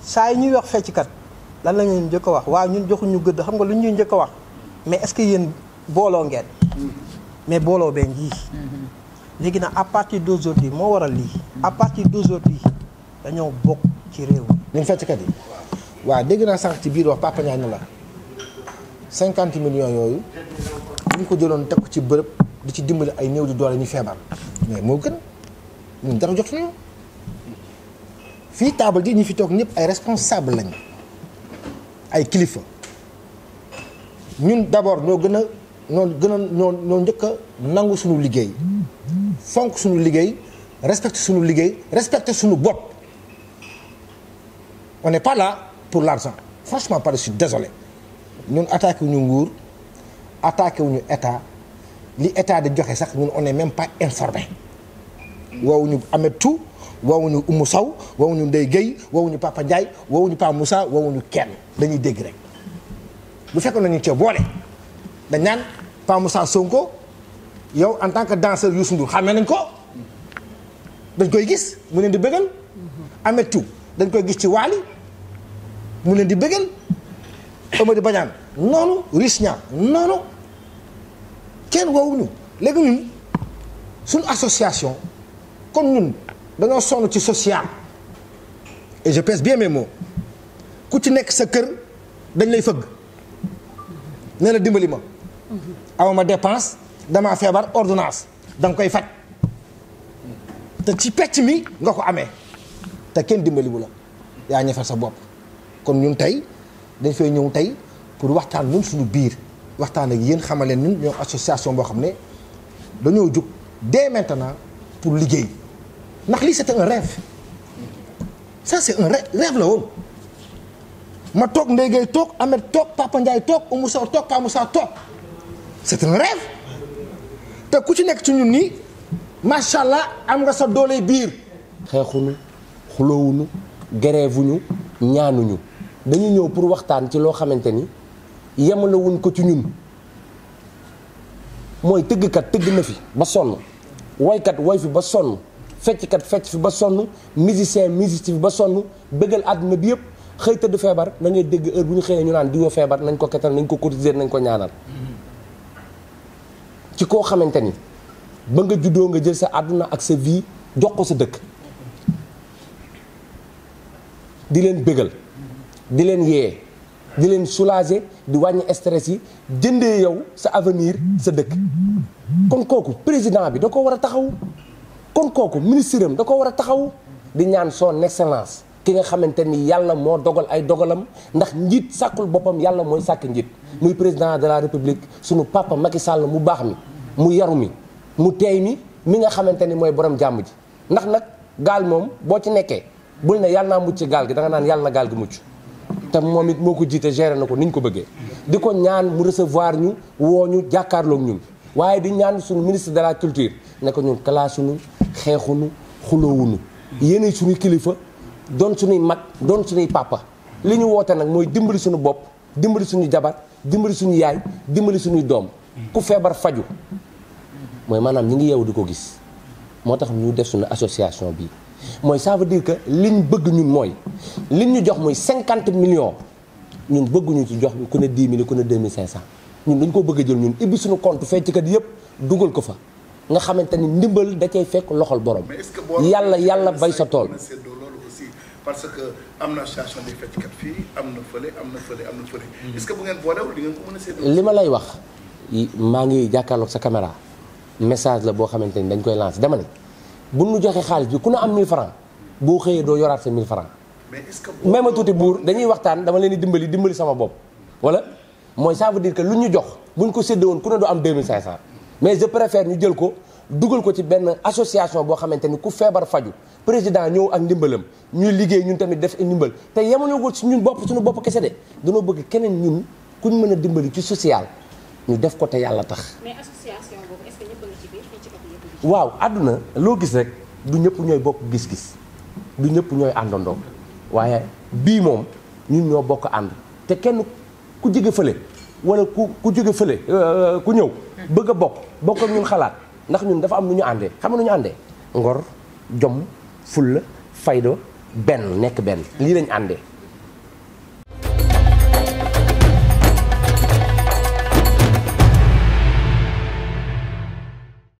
saa yi ñuy wax fecckat lan la ñuy njëkk a wax waa ñun joxuñu gëdd xam nga lu ñuy njëkk a wax mais est-ce que yéen booloo ngeen. mais booloo bee ngi. léegi nag à partir d'aujourd'hui moo waral lii. à partir d'aujourd'hui dañoo bokk ci réew mi. ñun fecckat yi. waa dégg naa sànq ci biir wax Papa Niang la cinquante millions yooyu ñu ko jëloon teg ci bërëb di ci dimbali ay néew di doole ñu feebar mais moo gën ñun dara jotuñu. fi table di ñi fi tok ñep ay responsable lañ ay kilifa ñun d'abord ñoo gëna a ñoo gën a ñoo ñoo njëkk nangu suñu liggéey fonk suñu liggéey respecte suñu liggéey respecte suñu bopp on n'est pas là pour l'argent franchement par dessus désolé ñun attaqué ñu nguur attaqué wu ñu état li état de joxe sax ñun on n'est même pas informé woowuñu you Thiou Oumou Sow woowuñu Ndeye Guèye woowuñu Papa On ne Papa Moussa woowuñu kenn dañuy dégg rek bu fekkoon nañu boole Papa Moussa Sonko yow en tant que danseur Youssou Ndour xamee nañ ko dañ koy gis mu leen di bëggal dañ koy gis ci wali mu leen di bëggal association kon ñun dañoo sonn ci social et je pèse bien ku ci nekk sa kër dañ lay fëgg nee na dimbali ma awma dépense damaa feebar ordonnance da nga koy faj te ci pecc mi nga ko amee te kenn dimbaliwu la yaa ñëfal sa bopp kon ñun tey dañ fay ñëw tey pour waxtaan ñun suñu biir waxtaan ak yéen xamaleen ñun ñoo association boo xam ne dañoo jug dès maintenant pour liggéey ndax c'est c'était un rêve ça c'est un rêve rêve la woon ma tok, Ndegay tok, Ahmed tok, Papa Ndiaye tok, Oumou tok, toog Pa Moussa tok. c'est un rêve te ku ci tu ci ñun ni macha allah am nga sa doole biir. xeexuñu xuloowuñu gereevuñu ñaanuñu dañu ñëw pour waxtaan ci lo xamante ni yemalewuñ ko ci ñun mooy kat, tëgg na fi ba sonn woykat woy fi ba kat fecc fi ba sonu musicien musicien fi ba sonu beugal aduna bi yëpp xey tëdd feebar da ngay deg heure buñu xey ñu naan diwa febar nañ ko ketal nañ ko cotiser nañ ko ñaanal ci ko xamanteni ba nga juddo nga jël sa aduna ak sa vie jox ko sa dekk di len beugal di len yé di len soulager di wàññi stress yi jëndee yow sa avenir sa dekk kon koku président bi da ko wara taxaw kon kooku ministre am da ko war a taxaw di ñaan son excellence ki nga xamante ni yàlla moo dogal ay dogalam ndax njiit sàkkul boppam yàlla mooy sàkk njiit muy président de la république sunu papa Macky Sall mu baax mi mu yaru mi mu teey mi mi nga xamante ni mooy borom jàmm ji ndax nag gaal moom boo ci nekkee bul na yàlla naa mucc ci gaal gi danga naan yàlla na gaal gi mucc te moom it moo ko jiite géré na ko ni ñu ko bëggee di ko ñaan mu recevoir ñu woo ñu jàkkaarloog ñun waaye di ñaan suñu ministre de la culture ne ko ñun kalaasuñu xeexunu xuloowuñu yéenay suñuy kilifa doon suñuy mag doon suñuy papa li ñu woote nag mooy dimbali suñu bopp dimbali suñu jabar dimbali suñu yaay dimbali suñuy doom ku feebar faju mooy maanaam ñi ngi yeewu di ko gis moo tax ñu def suñu association bi mooy ça veut dire li ñu bëgg ñun mooy li ñu jox mooy cinquante million ñun bëgguñu ci jox ku ne dix mille ku ne deux mille cinq cent ñun dañ ko bëgg jël ñun ibbi suñu compte feccikat yëpp dugal ko fa nga xamante ni ndimbal da cay fekk loxol borom. yàlla yàlla bay sa tool. parce que am na station li ma lay wax maa ngi jàkkaarloog sa kamera message la boo xamante ni dañ koy lancer dama ne bu nu joxee xaalis bi ku ne am 1000 francs boo xëyee doo yoraat sa 1000 francs. mais que même ma tuuti buur dañuy waxtaan dama leen di dimbali dimbali sama bopp. wala mooy ça veut dire lu ñu jox buñ ko séddee woon ku ne doo am 2500. mais je préfère ñu jël ko dugal ko ci benn association boo xamante ni ku feebar faju président ñëw ak ndimbalam ñuy liggéey ñun tamit def ndimbal te yemuñu ko ci ñun bopp suñu bopp kese de dañoo bëgg keneen ñun kuñ mën a dimbali ci social ñu def ko te yàlla tax. waaw àdduna loo gis rek du ñëpp ñooy bokk gis-gis du ñëpp ñooy àndandoo waaye bii moom ñun ñoo bokk ànd te kenn ku jige fële. wala ku ku jóge fële euh, euh, ku ñëw bëgg a bokk bokk ak ñun xalaat ndax ñun dafa am nu ñu àndee xam nu ñu àndee ngor jom fulla faydo benn nekk benn lii lañ àndee